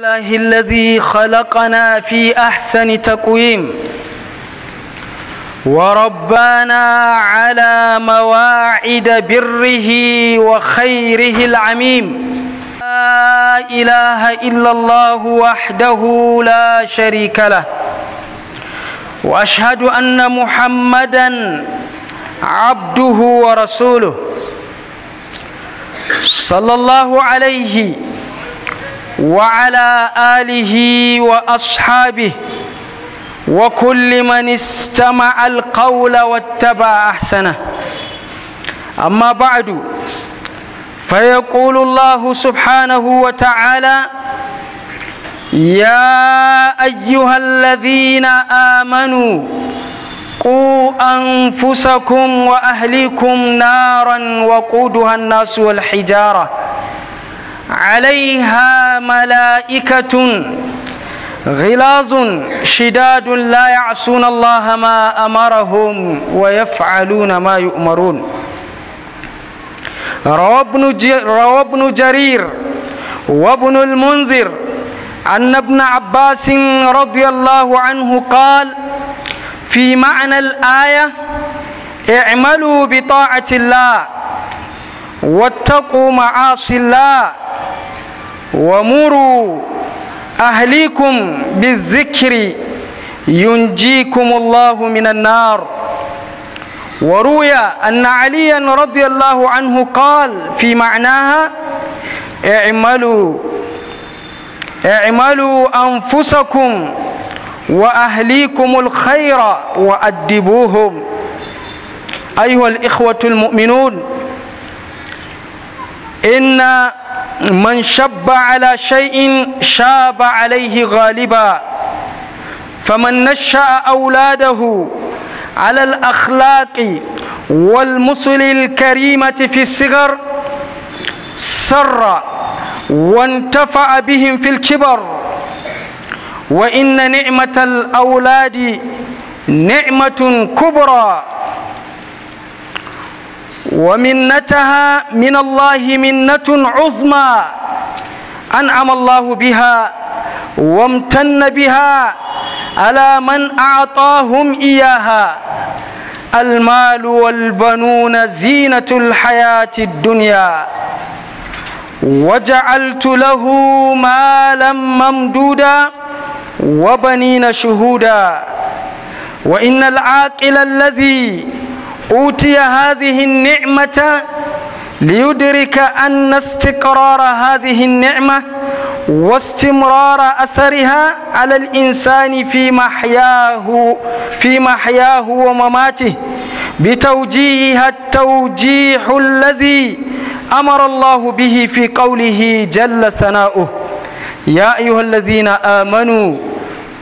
الله الذي خلقنا في أحسن تقويم وربانا على مواعد بره وخيره العميم لا إله إلا الله وحده لا شريك له وأشهد أن محمدا عبده ورسوله صلى الله عليه وسلم وعلى آله وأصحابه وكل من استمع القول واتبع أحسنه أما بعد فيقول الله سبحانه وتعالى يا أيها الذين آمنوا قوا أنفسكم وأهلكم نارا وقودها الناس والحجارة عليها ملائكة غلاظ شداد لا يعصون الله ما أمرهم ويفعلون ما يؤمرون روى ابن جرير وابن المنذر أن ابن عباس رضي الله عنه قال في معنى الآية اعملوا بطاعة الله واتقوا معاصي الله ومروا أهليكم بالذكر ينجيكم الله من النار وروي أن عليا رضي الله عنه قال في معناها اعملوا اعملوا أنفسكم وأهليكم الخير وأدبوهم أيها الإخوة المؤمنون إن من شب على شيء شاب عليه غالبا فمن نشأ أولاده على الأخلاق والمسل الكريمة في الصغر سر وانتفع بهم في الكبر وإن نعمة الأولاد نعمة كبرى ومنتها من الله منة عظمى أنعم الله بها وامتن بها على من أعطاهم إياها المال والبنون زينة الحياة الدنيا وجعلت له مالا ممدودا وبنين شهودا وإن العاقل الذي أوتي هذه النعمة ليدرك أن استقرار هذه النعمة واستمرار أثرها على الإنسان في محياه في محياه ومماته بتوجيهها التوجيح الذي أمر الله به في قوله جل ثناؤه يا أيها الذين آمنوا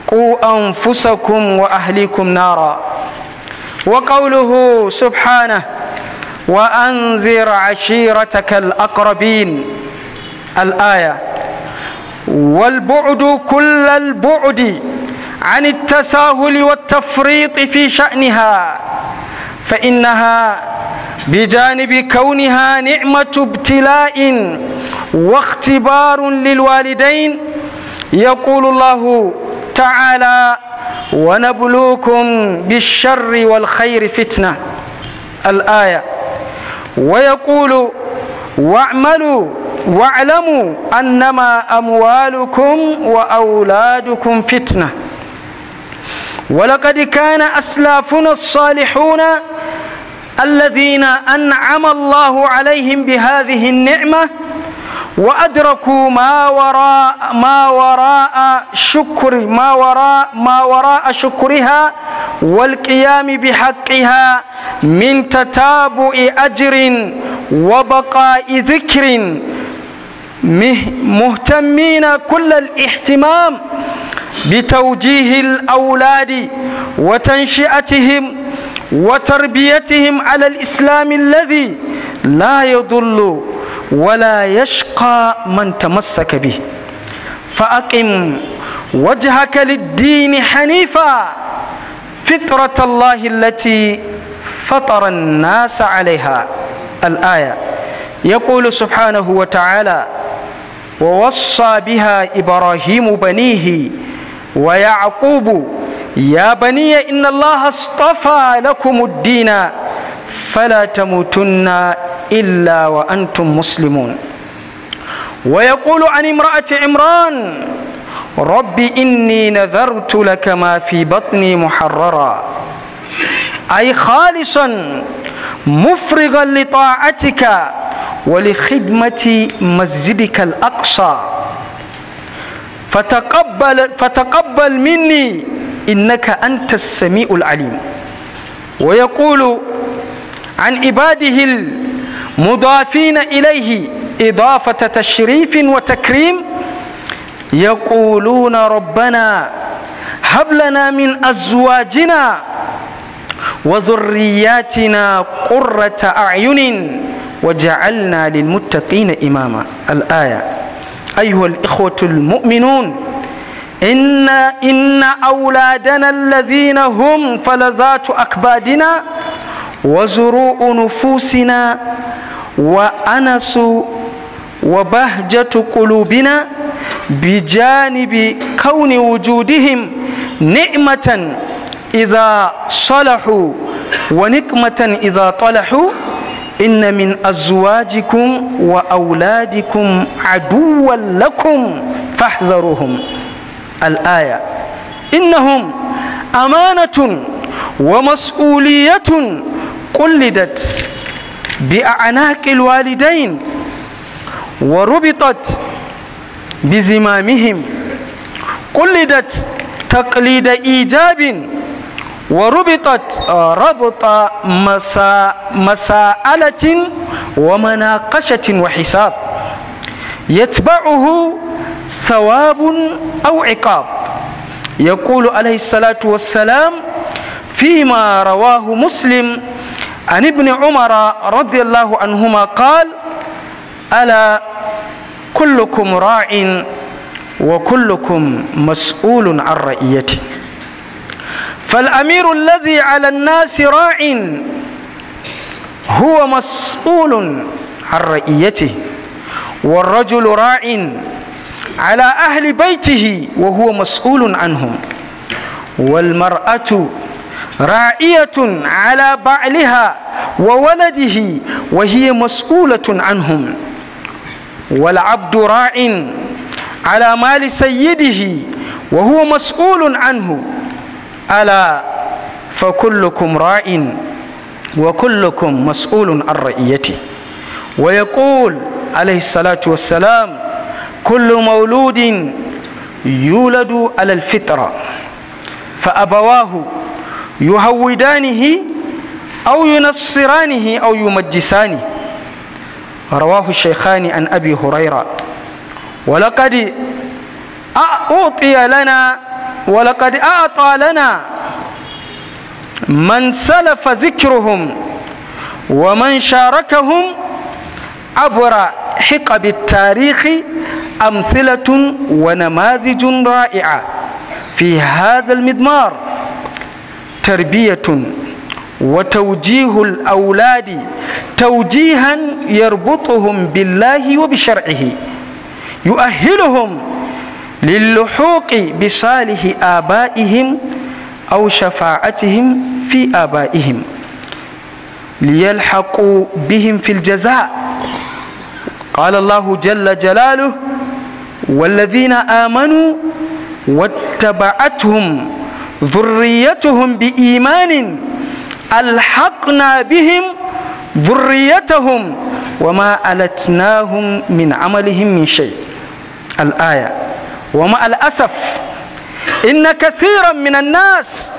قوا أنفسكم وأهليكم نارا وقوله سبحانه وأنذر عشيرتك الأقربين الآية والبعد كل البعد عن التساهل والتفريط في شأنها فإنها بجانب كونها نعمة ابتلاء واختبار للوالدين يقول الله تعالى ونبلوكم بالشر والخير فتنة الآية ويقول واعملوا واعلموا أنما أموالكم وأولادكم فتنة ولقد كان أسلافنا الصالحون الذين أنعم الله عليهم بهذه النعمة وأدركوا ما وراء ما وراء شكر ما وراء ما وراء شكرها والقيام بحقها من تتابع أجر وبقاء ذكر مهتمين كل الاهتمام بتوجيه الأولاد وتنشئتهم وتربيتهم على الإسلام الذي لا يضل ولا يشقى من تمسك به فأقم وجهك للدين حنيفا فطرة الله التي فطر الناس عليها الآية يقول سبحانه وتعالى ووصى بها إبراهيم بنيه ويعقوب يا بني إن الله اصطفى لكم الدين فلا تموتن إلا وأنتم مسلمون ويقول عن امرأة عمران ربي إني نذرت لك ما في بطني محررا أي خالصا مفرغا لطاعتك ولخدمة مسجدك الأقصى فتقبل, فتقبل مني إنك أنت السميع العليم ويقول عن عباده مضافين إليه إضافة تشريف وتكريم يقولون ربنا هب لنا من أزواجنا وذرياتنا قرة أعين وجعلنا للمتقين إماما الآية أيها الإخوة المؤمنون إن إن أولادنا الذين هم فلذات أكبادنا وزروء نفوسنا وأنس وبهجة قلوبنا بجانب كون وجودهم نعمة إذا صلحوا ونقمة إذا طلحوا إن من أزواجكم وأولادكم عدوا لكم فاحذروهم الآية إنهم أمانة ومسؤولية قلدت بأعناق الوالدين وربطت بزمامهم قلدت تقليد إيجاب وربطت ربط مسا مساءلة ومناقشة وحساب يتبعه ثواب أو عقاب يقول عليه الصلاة والسلام فيما رواه مسلم عن ابن عمر رضي الله عنهما قال ألا كلكم راع وكلكم مسؤول عن رئيته فالأمير الذي على الناس راع هو مسؤول عن رئيته والرجل راع على أهل بيته وهو مسؤول عنهم والمرأة راعية على بعلها وولده وهي مسؤولة عنهم والعبد راع على مال سيده وهو مسؤول عنه ألا فكلكم راع وكلكم مسؤول عن رعيته ويقول عليه الصلاة والسلام كل مولود يولد على الفطرة فأبواه يهودانه أو ينصرانه أو يمجسانه رواه الشيخان عن أبي هريرة ولقد أعطي لنا ولقد أعطى لنا من سلف ذكرهم ومن شاركهم عبر حقب التاريخ أمثلة ونماذج رائعة في هذا المضمار تربية وتوجيه الأولاد توجيها يربطهم بالله وبشرعه يؤهلهم للحوق بصالح آبائهم أو شفاعتهم في آبائهم ليلحقوا بهم في الجزاء قال الله جل جلاله والذين آمنوا واتبعتهم ذريتهم بإيمان ألحقنا بهم ذريتهم وما ألتناهم من عملهم من شيء الآية ومع الأسف إن كثيرا من الناس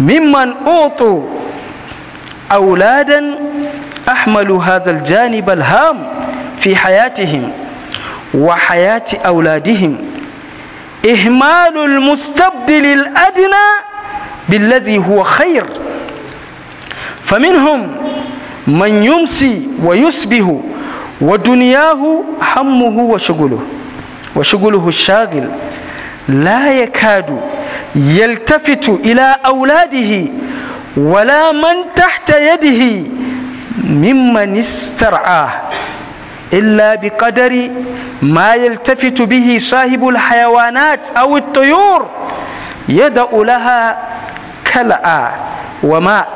ممن أوطوا أولادا أحملوا هذا الجانب الهام في حياتهم وحياة أولادهم إهمال المستبدل الأدنى بالذي هو خير فمنهم من يمسي ويسبه ودنياه همه وشغله وشغله الشاغل لا يكاد يلتفت إلى أولاده ولا من تحت يده ممن استرعاه إلا بقدر ما يلتفت به صاحب الحيوانات أو الطيور يدأ لها كلأ وماء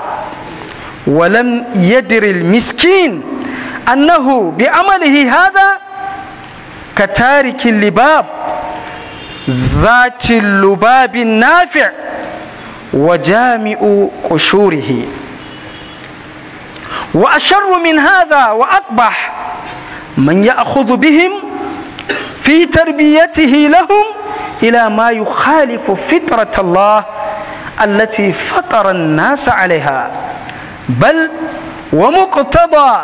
ولم يدر المسكين أنه بعمله هذا كتارك اللباب ذات اللباب النافع وجامع قشوره وأشر من هذا وأقبح من يأخذ بهم في تربيته لهم إلى ما يخالف فطرة الله التي فطر الناس عليها بل ومقتضى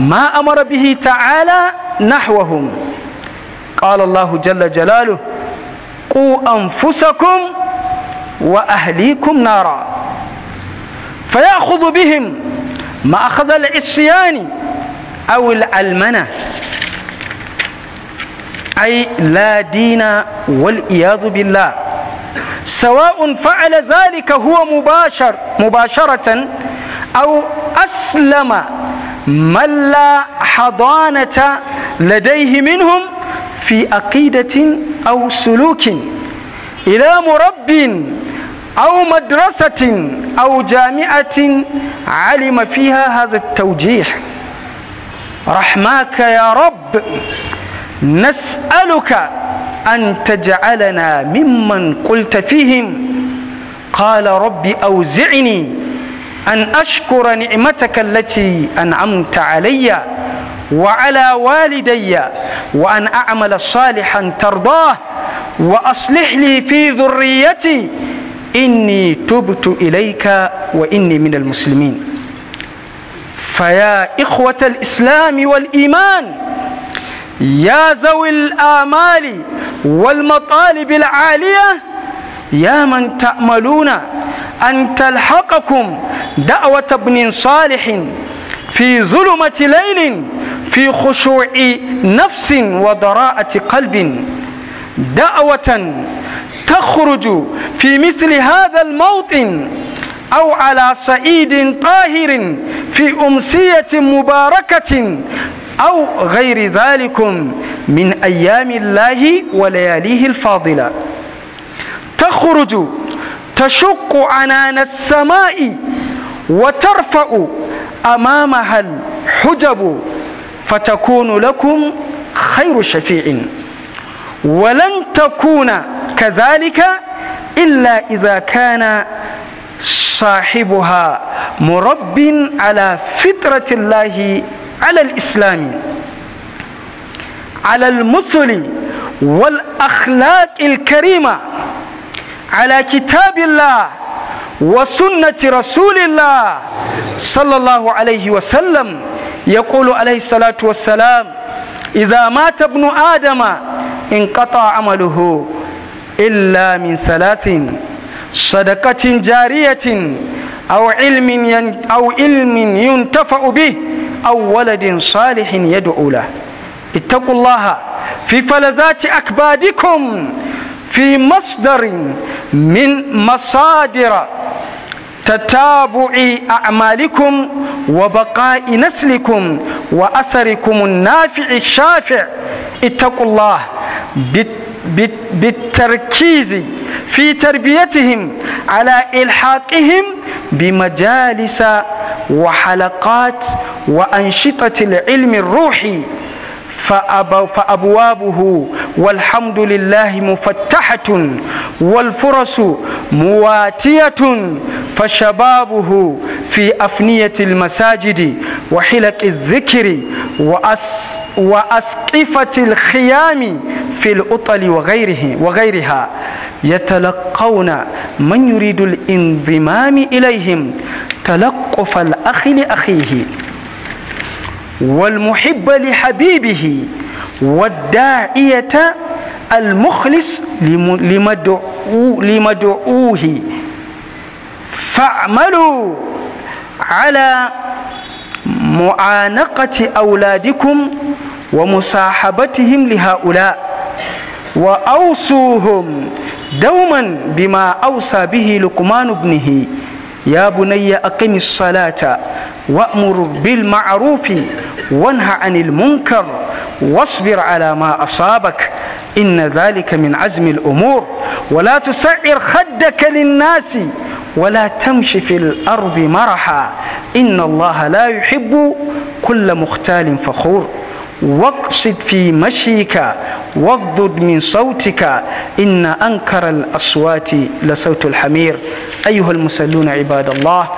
ما أمر به تعالى نحوهم قال الله جل جلاله قوا أنفسكم وأهليكم نارا فيأخذ بهم ما أخذ العصيان أو الألمنة أي لا دين والعياذ بالله سواء فعل ذلك هو مباشر مباشرة أو أسلم من لا حضانة لديه منهم في عقيدة أو سلوك إلى مرب أو مدرسة أو جامعة علم فيها هذا التوجيه رحماك يا رب نسألك أن تجعلنا ممن قلت فيهم قال رب أوزعني أن أشكر نعمتك التي أنعمت علي وعلى والدي وأن أعمل صالحا ترضاه وأصلح لي في ذريتي إني تبت إليك وإني من المسلمين فيا إخوة الإسلام والإيمان يا ذوي الآمال والمطالب العالية يا من تأملون أن تلحقكم دعوة ابن صالح في ظلمة ليل في خشوع نفس وضراءة قلب دعوة تخرج في مثل هذا الموطن أو على صعيد طاهر في أمسية مباركة أو غير ذلك من أيام الله ولياليه الفاضلة تخرج تشق عنان السماء وترفع أمامها الحجب فتكون لكم خير شفيع ولن تكون كذلك إلا إذا كان صاحبها مرب على فطرة الله على الإسلام على المثل والأخلاق الكريمة على كتاب الله وسنة رسول الله صلى الله عليه وسلم يقول عليه الصلاة والسلام إذا مات ابن آدم انقطع عمله إلا من ثلاث صدقة جارية أو علم أو علم ينتفع به أو ولد صالح يدعو له اتقوا الله في فلذات أكبادكم في مصدر من مصادر تتابع أعمالكم وبقاء نسلكم وأثركم النافع الشافع اتقوا الله بالتركيز في تربيتهم على إلحاقهم بمجالس وحلقات وأنشطة العلم الروحي فأبو فأبوابه والحمد لله مفتحة والفرص مواتية فشبابه في أفنية المساجد وحلق الذكر وأس وأسقفة الخيام في الأطل وغيره وغيرها يتلقون من يريد الانضمام إليهم تلقف الأخ لأخيه والمحب لحبيبه والداعية المخلص لمدعو لمدعوه فاعملوا على معانقة أولادكم ومصاحبتهم لهؤلاء وأوصوهم دوما بما أوصى به لقمان ابنه يا بني أقم الصلاة وأمر بالمعروف وانهى عن المنكر واصبر على ما أصابك إن ذلك من عزم الأمور ولا تسعر خدك للناس ولا تمش في الأرض مرحا إن الله لا يحب كل مختال فخور واقصد في مشيك واغضض من صوتك إن أنكر الأصوات لصوت الحمير أيها المسلون عباد الله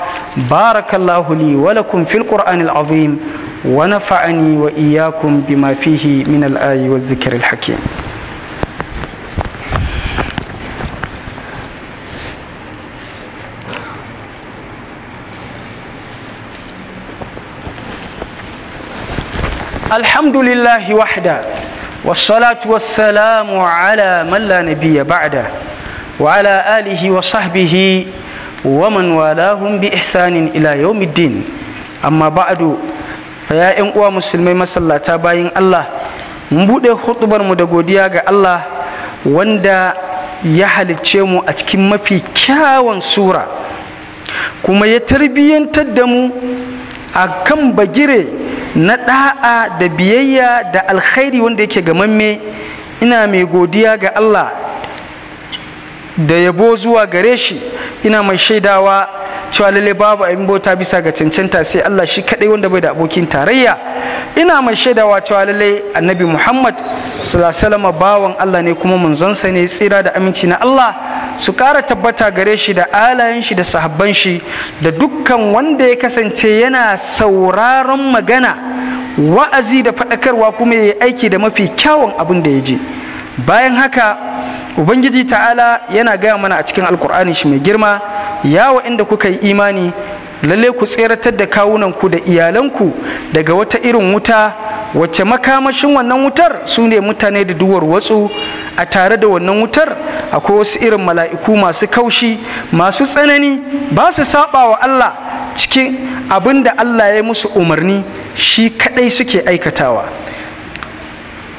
بارك الله لي ولكم في القرآن العظيم ونفعني وإياكم بما فيه من الآي والذكر الحكيم الحمد لله وحده والصلاة والسلام على من لا نبي بعده وعلى آله وصحبه ومن والاهم بإحسان إلى يوم الدين أما بعد فيا إن أوا مسلمي مسلاتا باين الله مبودة خطبة مدقودية الله wanda ya halicce mu a cikin mafi kyawun sura kuma ya tarbiyyantar da mu a kan bagire na da'a da biyayya da alkhairi wanda yake mamme, ina mai godiya ga Allah da yabo zuwa gare shi ina mai shaidawa cewa lalle babu abin bauta bisa ga cancanta sai Allah shi kadai wanda bai da abokin tarayya ina mai shaidawa cewa lalle annabi Muhammad sallallahu bawan Allah ne kuma manzansa ne tsira da aminci na Allah su kara tabbata gare shi da alayen shi da sahabban shi da dukkan wanda ya kasance yana sauraron magana wa'azi da faɗakarwa kuma ya yi aiki da mafi kyawun abin da ya je. bayan haka ubangiji ta'ala yana gaya mana a cikin alkur'ani shi mai girma ya inda kuka yi imani lalle ku tseratar da kawunanku da iyalanku daga wata irin wuta wacce makamashin wannan wutar su ne mutane da duwar watsu a tare da wannan wutar akwai wasu irin mala'iku masu kaushi masu tsanani ba su saba wa Allah cikin abin da Allah ya musu umarni shi kadai suke aikatawa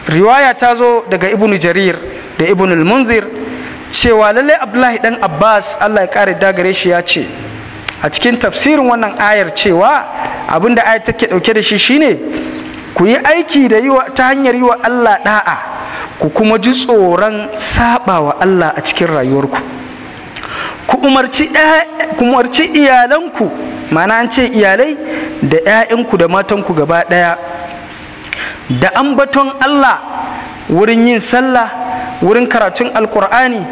riwaya ta zo daga ibnu jarir da ibnu munzir cewa lallai abdullahi dan abbas allah ya kare dagare shi ya ce a cikin tafsirin wannan ayar cewa abinda ayar take dauke da shi shine ku yi aiki da yiwa ta hanyar yi wa allah da'a ku kuma ji tsoron saba wa allah a cikin rayuwarku ku umarci iyalanku ma'ana an ce iyalai da 'ya'yanku da matanku gaba daya da ambaton Allah wurin yin sallah wurin karatun alkur'ani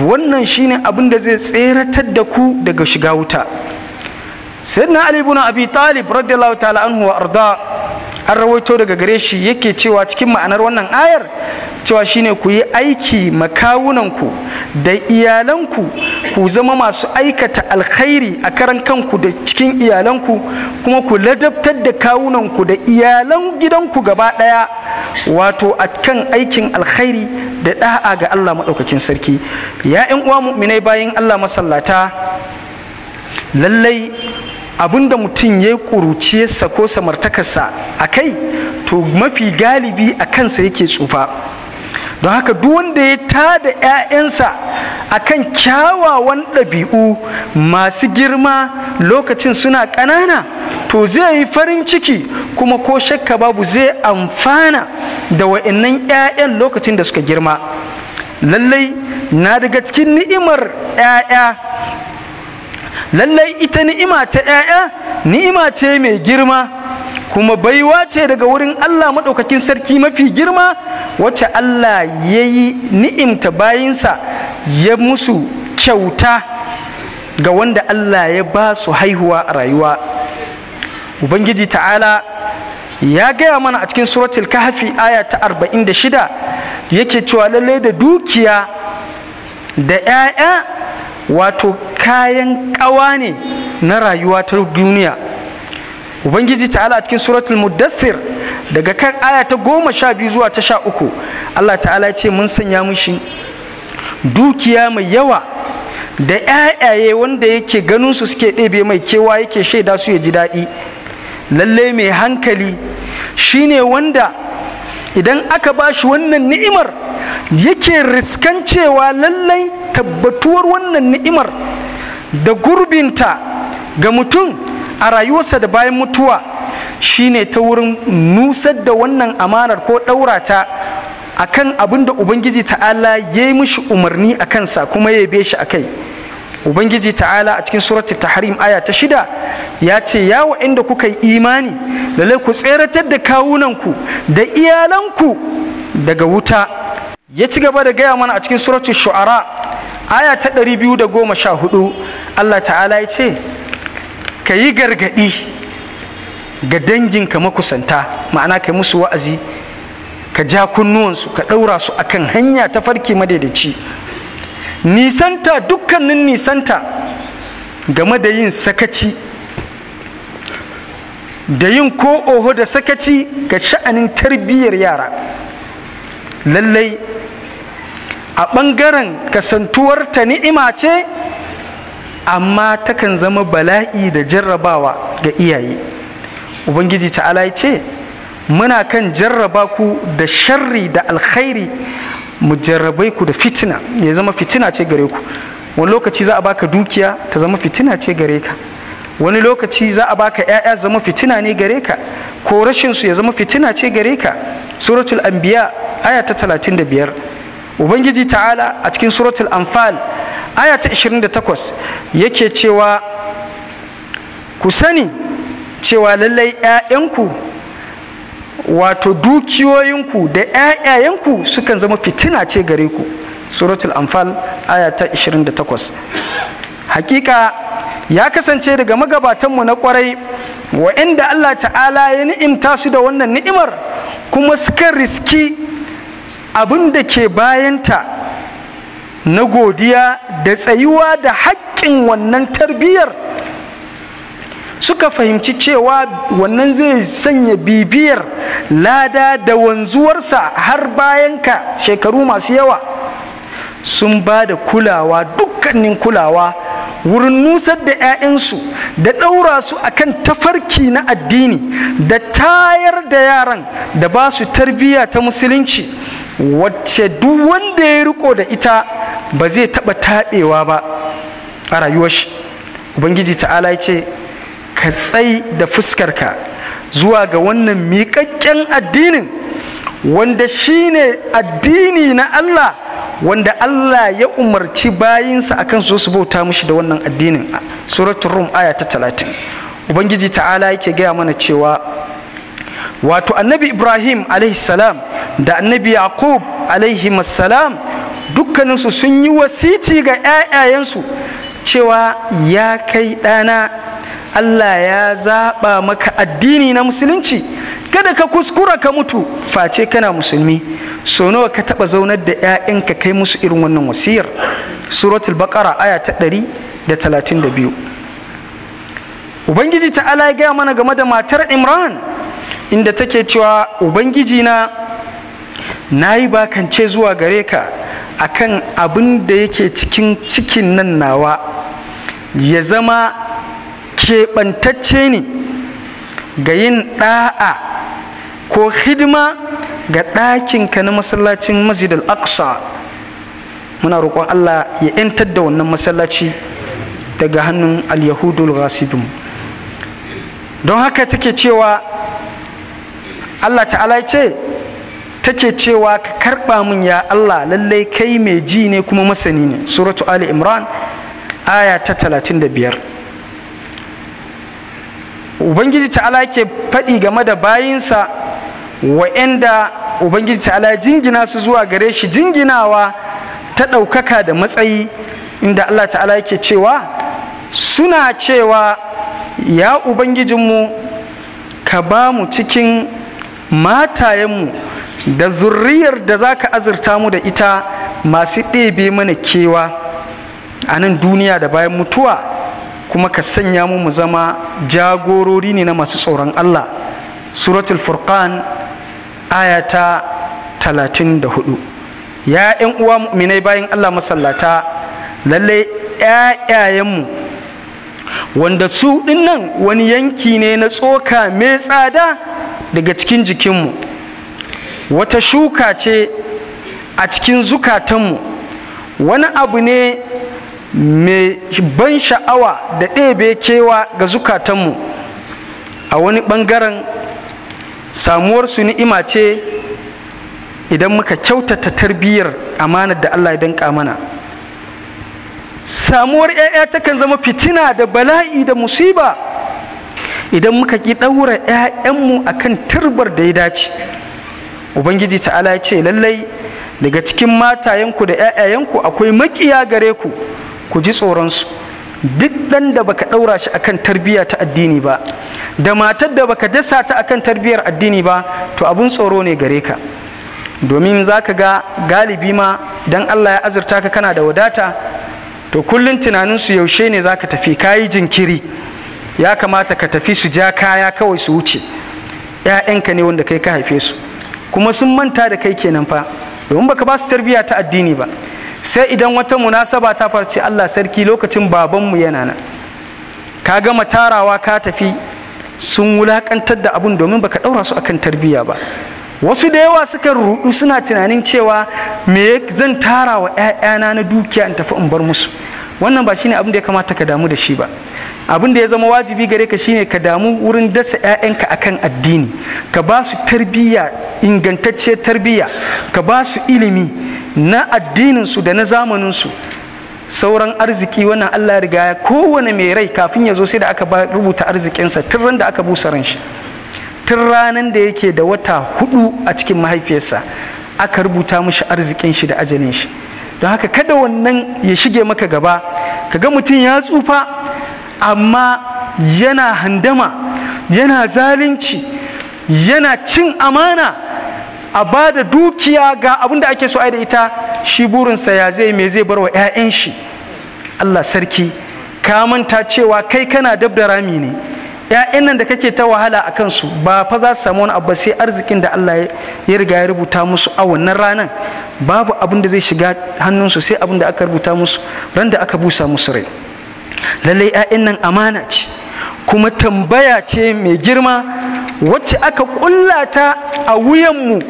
wannan shine abin da zai tseratar da ku daga shiga wuta sayyidina ali ibn abi talib radiyallahu ta'ala anhu wa arda an rawaito daga gare shi yake cewa cikin ma'anar wannan ayar cewa shine ku yi aiki makawunanku da iyalanku ku zama masu aikata alkhairi a karan kanku da cikin iyalanku kuma ku ladabtar da kawunanku da iyalan gidanku gaba ɗaya wato a kan aikin alkhairi da ɗa'a ga Allah maɗaukakin sarki ya uwa mu'minai bayan Allah masallata lallai abinda mutum ya ƙuruciyarsa ko samartakarsa a kai to mafi galibi a kansa yake tsufa don haka duk wanda ya ta da 'ya'yansa a kan kyawawan ɗabi'u masu girma lokacin suna ƙanana to zai yi farin ciki kuma ko shakka babu zai amfana da wa'annan 'ya'yan lokacin da suka girma lallai na daga cikin ni'imar 'ya'ya lallai ita ni'ima ta ‘ya'ya ni'ima ce mai girma kuma baiwa ce daga wurin Allah maɗaukakin sarki mafi girma wacce Allah ya yi ni'imta bayinsa ya musu kyauta ga wanda Allah ya ba su haihuwa a rayuwa Ubangiji ta'ala ya gaya mana a cikin suratul kahfi aya ta arba'in da shida, yake cewa lallai da dukiya da ‘ya'ya wato kayan ƙawa ne na rayuwa ta duniya ubangiji ta'ala a cikin suratul muddathir daga kan aya ta goma sha biyu zuwa ta sha uku allah ta'ala ya ce mun sanya mushi dukiya mai yawa da 'ya'yaye wanda yake ganin su suke ɗebe mai kewa yake shaida su ya ji daɗi lalle mai hankali shine wanda idan aka ba shi wannan ni'imar yake riskancewa lallai tabbatuwar wannan ni'imar da gurbinta ga mutum a rayuwarsa da bayan mutuwa shine ta wurin nusar da wannan amanar ko ɗaurata ta a kan abin da ubangiji ta'ala ya yi mishi umarni a kansa kuma ya yabe shi a kai ubangiji ta'ala a cikin suratul tahrim aya ta shida ya ce ya wa'inda kuka yi imani lalai ku tseratar da kawunanku da iyalanku daga wuta ya ci gaba da gaya mana a cikin suratul shu'ara aya ta hudu. Allah ta'ala ya ce ka yi gargadi ga danginka makusanta ma'ana kai musu wa'azi ka ja kunnuwansu ka ɗaura su a kan hanya ta farki madaidaici nisanta dukkanin nisanta game da yin sakaci da yin ko oho da sakaci ga sha'anin tarbiyyar yara lallai a ɓangaren kasantuwar ta ni'ima ce amma takan zama bala'i da jarrabawa ga iyaye ubangiji ta'ala ya ce muna kan jarraba ku da sharri da alkhairi mu jarrabai ku da fitina ya zama fitina ce gare ku wani lokaci za a baka dukiya ta zama fitina ce gare ka wani lokaci za a baka 'ya'ya zama fitina ne gare ka ko rashin ya zama fitina ce gare ka suratul anbiya aya ta 35 ubangiji ta'ala a cikin suratul anfal aya ta 28 yake cewa ku sani cewa lallai 'ya'yanku wato dukiyoyinku da 'ya'yayenku sukan zama fitina ce gare ku suratul anfal aya ta 28 hakika ya kasance daga magabatanmu na kwarai wa inda allah ta'ala ya ni'imta su da wannan ni'imar kuma suka riski abin da ke bayanta na godiya da tsayuwa da haƙƙin wannan tarbiyyar suka fahimci cewa wannan zai sanya bibiyar lada da wanzuwarsa har bayan ka shekaru masu yawa sun ba da kulawa dukkanin kulawa wurin nusar da 'ya'yansu da ɗaura su akan tafarki na addini da tayar da yaran da ba su tarbiyya ta musulunci wacce duk wanda ya riko da ita ba zai taɓa taɓewa ba a rayuwar shi ubangiji ta'ala ya ce ka tsai da fuskarka zuwa ga wannan miƙaƙƙen addinin wanda shine addini na Allah wanda Allah ya umarci bayinsa akan su su bauta mushi da wannan addinin suratul rum aya ta talatin ubangiji ta'ala yake gaya mana cewa wato annabi ibrahim salam da annabi yaqub salam dukkaninsu sun yi wasici ga 'ya'yayensu cewa ya kai ɗana allah ya zaɓa maka addini na musulunci kada ka kuskura ka mutu face kana musulmi so nawa ka taɓa zaunar da 'ya'yanka kai musu irin wannan wasiyar suratul baqara aya ta ɗari da talatin da biyu ubangiji ta'ala ya gaya mana game da matar imran inda take cewa ubangiji na na yi bakance zuwa gare ka a kan abin da yake cikin cikin nan nawa ya zama keɓantacce ne ga yin ɗa'a ko hidima ga ɗakinka na masallacin masjid al-aqsa muna roƙon allah ya 'yantar da wannan masallaci daga hannun al-yahudul don haka take cewa Allah ta'ala ya ce take cewa ka karɓa min ya Allah lallai kai mai ji ne kuma masani ne suratu ali imran aya ta 35 ubangiji ta'ala ke faɗi game da bayinsa wa'anda ubangiji ta'ala jingina su zuwa gare shi jinginawa ta ɗaukaka da matsayi inda Allah ta'ala yake cewa suna cewa ya ubangijinmu ka ba mu cikin matayenmu da zurriyar da za ka azurta mu da ita masu ɗebe mana kewa a nan duniya da bayan mutuwa kuma ka sanya mu mu zama jagorori ne na masu tsoron Allah suratul furqan aya ta 34 ya Ya'yan uwa mu'minai bayan Allah masallata lalle ƴaƴayenmu wanda su nan wani yanki ne na tsoka mai tsada daga cikin jikinmu wata shuka ce a cikin zukatanmu wani abu ne mai ban sha'awa da ɗebe kewa ga zukatanmu a wani ɓangaren samuwarsu ni'ima ce idan muka kyautata tarbiyyar amanar da Allah ya danƙa mana samuwar 'ya'ya takan zama fitina da bala'i da musiba idan muka ki ɗaura 'ya'yanmu a kan turbar da ya dace ubangiji ta'ala ya ce lallai daga cikin matayenku da 'ya'yayenku akwai makiya gare ku ku ji su duk ɗan da baka ɗaura shi akan tarbiyya ta addini ba da matar da baka dasa ta akan tarbiyyar addini ba to abun tsoro ne gare ka domin za ka ga galibi ma idan allah ya azurta ka kana da wadata to kullum tunaninsu yaushe ne za ka tafi kayi jinkiri ya kamata ka tafi su ja kaya kawai su wuce ‘ya'yanka ne wanda kai ka haife su kuma sun manta da kai kenan fa domin baka ba su tarbiyya ta addini ba sai idan wata munasaba ta farce Allah sarki lokacin babanmu yana nan ka gama tarawa ka tafi sun wulakantar da abun domin baka ɗaura su akan tarbiyya ba wasu da yawa suka rudu suna tunanin cewa me zan tara wa 'ya'yana na dukiya in tafi in bar musu wannan ba shine abin da ya kamata ka damu da shi ba abin da ya zama wajibi gare ka shine ka damu wurin dasa 'ya'yanka akan addini ka ba su tarbiyya ingantacciyar tarbiyya ka ba su ilimi na addininsu da na zamaninsu sauran arziki wannan Allah ya riga kowane mai rai kafin ya zo sai da aka ba rubuta arzikinsa tun ran da aka busa ran shi tun ranan da yake da wata hudu a cikin mahaifiyarsa aka rubuta mishi arzikin shi da ajalin shi don haka kada wannan ya shige maka gaba kaga mutum ya tsufa amma yana handama yana zalunci yana cin amana a ba da dukiya ga abin da ake so a da ita shi burinsa ya zai me zai barwa 'ya'yan shi Allah sarki ka manta cewa kai kana dab da rami ne 'ya'yan nan da kake ta wahala a kansu ba fa za su samu wani abu sai arzikin da Allah ya riga ya rubuta musu a wannan ranar babu abin da zai shiga hannunsu sai abin da aka rubuta musu ran da aka busa musu rai lallai 'ya'yan nan amana ce kuma tambaya ce mai girma wacce aka ƙulla a wuyanmu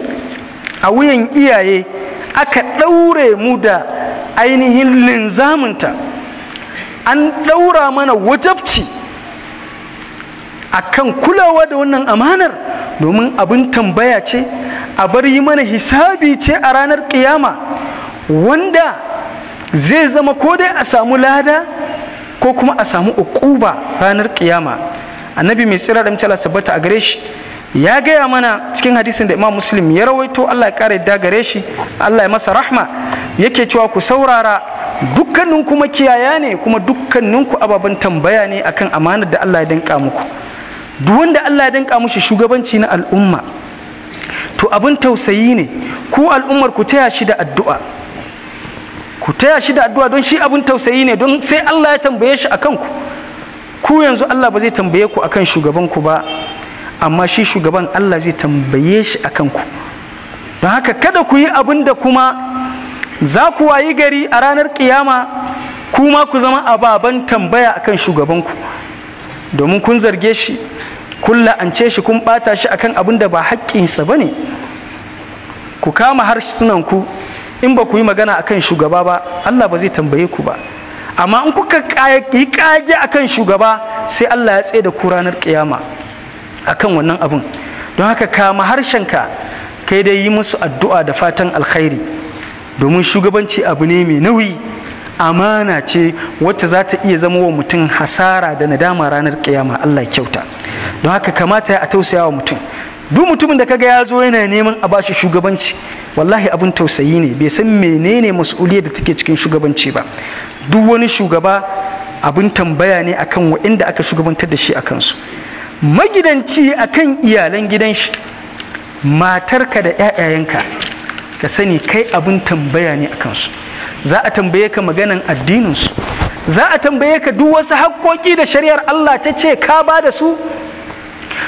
a wuyan iyaye aka ɗaure mu da ainihin linzaminta an ɗaura mana wajabci akan kulawa da wannan amanar domin abin tambaya ce a bar yi mana hisabi ce a ranar kiyama wanda zai zama ko dai a samu lada ko kuma a samu ukuba ranar ƙiyama. annabi mai tsira da mutala sabbata a gare shi ya gaya mana cikin hadisin da imam muslim ya rawaito allah ya kara da gare shi allah ya masa rahma yake cewa ku saurara dukkaninku makiyaya ne kuma dukkaninku ababen tambaya ne akan amanar da allah ya danka muku duk wanda Allah ya dinka mushi shugabanci na al'umma to abin tausayi ne ku al'ummar ku taya shi da addu'a ku taya shi da addu'a don shi abin tausayi ne don sai Allah ya tambaye shi akan ku ku yanzu Allah ba zai tambaye ku akan shugaban ku ba amma shi shugaban Allah zai tambaye shi akan ku don haka kada ku yi abun da kuma za ku wayi gari a ranar kiyama kuma ku zama ababen tambaya akan ku, domin kun zarge shi kun la'ance shi kun bata shi akan abin da ba haƙƙinsa ba ne ku kama harsunanku in ba ku yi magana akan shugaba ba allah ba zai tambaye ku ba amma in kuka yi ƙage akan shugaba sai allah ya tsaye da ku ranar ƙiyama akan wannan abin don haka kama harshenka kai dai yi musu addu'a da fatan alkhairi domin shugabanci abu ne mai nauyi amana ce wacce za ta iya zama wa mutum hasara da nadama ranar kiyama Allah kyauta don haka kamata a tausaya wa mutum duk mutumin da kaga ya zo yana neman a bashi shugabanci wallahi abin tausayi ne bai san menene mas'uliyar da take cikin shugabanci ba duk wani shugaba abin tambaya ne akan waɗanda aka shugabantar da shi a kansu magidanci akan iyalan gidan shi matarka da 'ya'ya'yanka. ka sani kai abin tambaya ne a kansu za a tambaye ka maganan addininsu za a tambaye ka duk wasu haƙƙoƙi da shari'ar Allah ta ce ka ba da su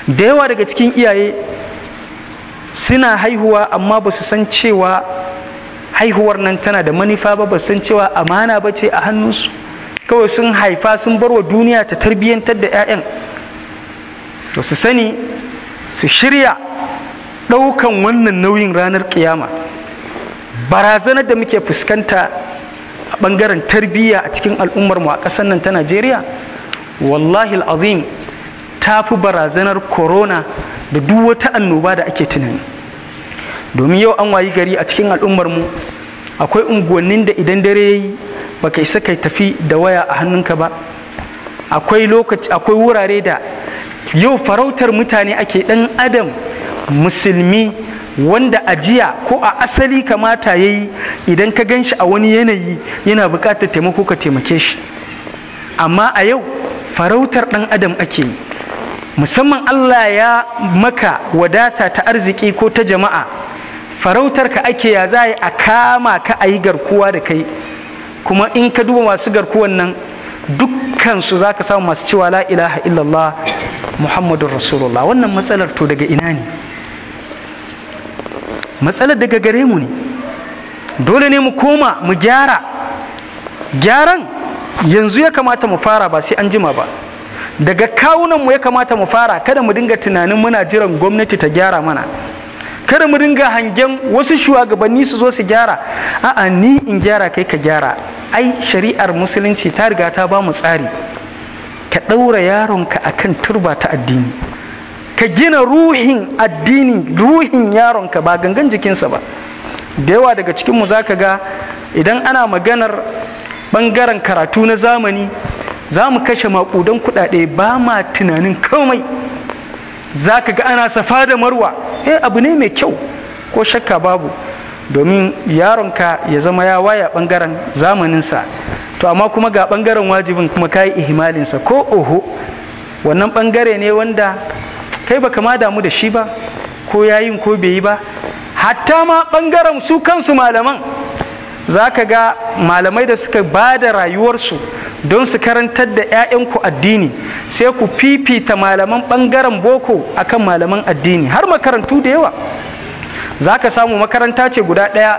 da yawa daga cikin iyaye suna haihuwa amma ba su san cewa haihuwar nan tana da manufa ba ba san cewa amana ba ce a hannunsu kawai sun haifa sun bar wa duniya ta tarbiyyantar da 'ya'yan to su sani su shirya ɗaukan wannan nauyin ranar ƙiyama barazanar da muke fuskanta a ɓangaren tarbiyya a cikin al'ummar mu a ƙasar nan ta najeriya wallahi azim ta fi barazanar corona da duk wata annoba da ake tunani domin yau an wayi gari a cikin al'ummar mu akwai unguwannin da idan dare yayi baka isa kai tafi da waya a hannunka ba akwai lokaci akwai wurare da yau farautar mutane ake ɗan adam musulmi wanda a jiya ko a asali kamata ya yi idan ka gan shi a wani yanayi yana buƙatar taimako ka taimake shi amma a yau farautar ɗan adam ake yi musamman Allah ya maka wadata ta arziki ko ta jama'a farautar ka ake ya za a kama ka a yi garkuwa da kai kuma in ka duba masu garkuwan nan dukkansu za ka samu masu cewa la ilaha illallah muhammadun rasulullah wannan matsalar to daga ina ne matsalar daga gare mu ne dole ne mu koma mu gyara gyaran yanzu ya kamata mu fara ba sai an jima ba daga kawunanmu ya kamata mu fara kada mu dinga tunanin muna jiran gwamnati ta gyara mana kada mu dinga hangen wasu shugabanni su zo su gyara a'a ni in gyara kai ka gyara ai shari'ar musulunci ta riga ta ba mu tsari ka ɗaura yaronka kan turba ta addini ka gina ruhin addini ruhin yaronka ba gangan jikinsa ba da yawa daga cikinmu za ka ga idan ana maganar ɓangaren karatu na zamani za mu kashe maƙudan kuɗaɗe ba ma tunanin komai za ka ga ana safa da marwa eh abu ne mai kyau ko shakka babu domin yaronka ya zama ya waya bangaren zamaninsa to amma kuma ga bangaren wajibin kuma ka ihimalinsa ko oho wannan bangare ne wanda kai baka ma damu da shi ba ko yayin ko bai yi ba hatta ma bangaren su kansu malaman za ka ga malamai da suka ba da rayuwarsu don su karantar da 'ya'yanku addini sai ku fifita malaman ɓangaren boko akan malaman addini har makarantu da yawa za ka samu makaranta ce guda ɗaya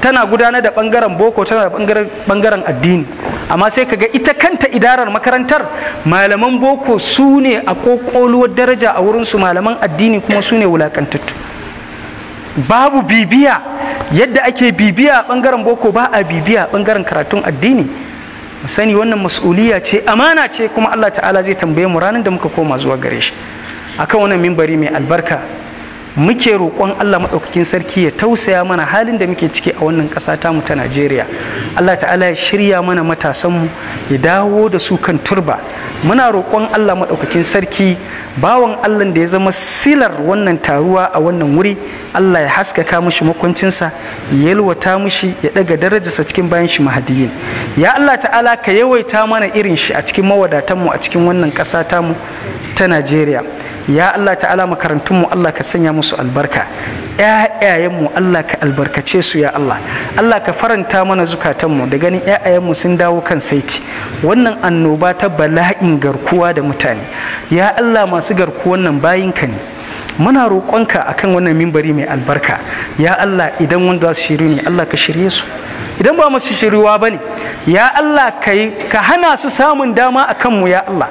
tana gudanar da ɓangaren boko tana da ɓangaren addini amma sai ka ga ita kanta idarar makarantar malaman boko su ne a ƙoƙoluwar daraja a wurinsu malaman addini kuma su ne wulaƙantattu babu bibiya yadda ake bibiya bangaren boko ba a bibiya bangaren karatun addini sani wannan mas'uliya ce amana ce kuma Allah ta'ala zai tambaye mu ranar da muka koma zuwa gare shi akan wannan mimbari mai albarka muke roƙon Allah maɗaukakin sarki ya tausaya mana halin da muke ciki a wannan ƙasa tamu ta Najeriya Allah ta'ala ya shirya mana matasanmu ya dawo da su kan turba muna roƙon Allah maɗaukakin sarki bawan Allah da ya zama silar wannan taruwa a wannan wuri Allah ya haskaka mushi makwancinsa ya yalwata mushi ya ɗaga darajarsa cikin bayan shi mahadiyin ya Allah ta'ala ka yawaita mana irin shi a cikin mawadatanmu a cikin wannan ƙasa tamu ta najeriya ya allah ta'ala makarantunmu allah ka sanya musu albarka ‘ya'yayenmu allah ka albarkace su ya allah allah ka faranta mana zukatanmu da ganin ‘ya'yayenmu sun dawo kan saiti wannan annoba ta bala'in garkuwa da mutane ya allah masu garkuwan nan bayinka ne muna roƙonka akan wannan mimbari mai albarka ya Allah idan wanda za su shiru ne Allah ka shirye su idan ba masu shiruwa ba ne ya Allah ka hana su samun dama a kanmu ya Allah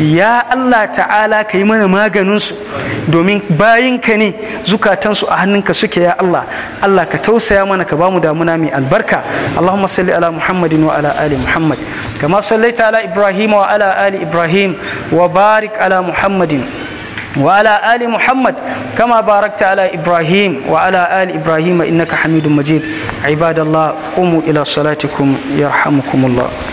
ya Allah ta'ala ka yi mana maganinsu domin bayinka ne zukatansu a hannunka suke ya Allah Allah ka tausaya mana ka ba mu damuna mai albarka Allahumma salli ala Muhammadin wa ala ali Muhammad kama sallaita ala Ibrahim wa ala ali Ibrahim wa barik ala Muhammadin وعلى آل محمد كما باركت على إبراهيم وعلى آل إبراهيم إنك حميد مجيد عباد الله قوموا إلى صلاتكم يرحمكم الله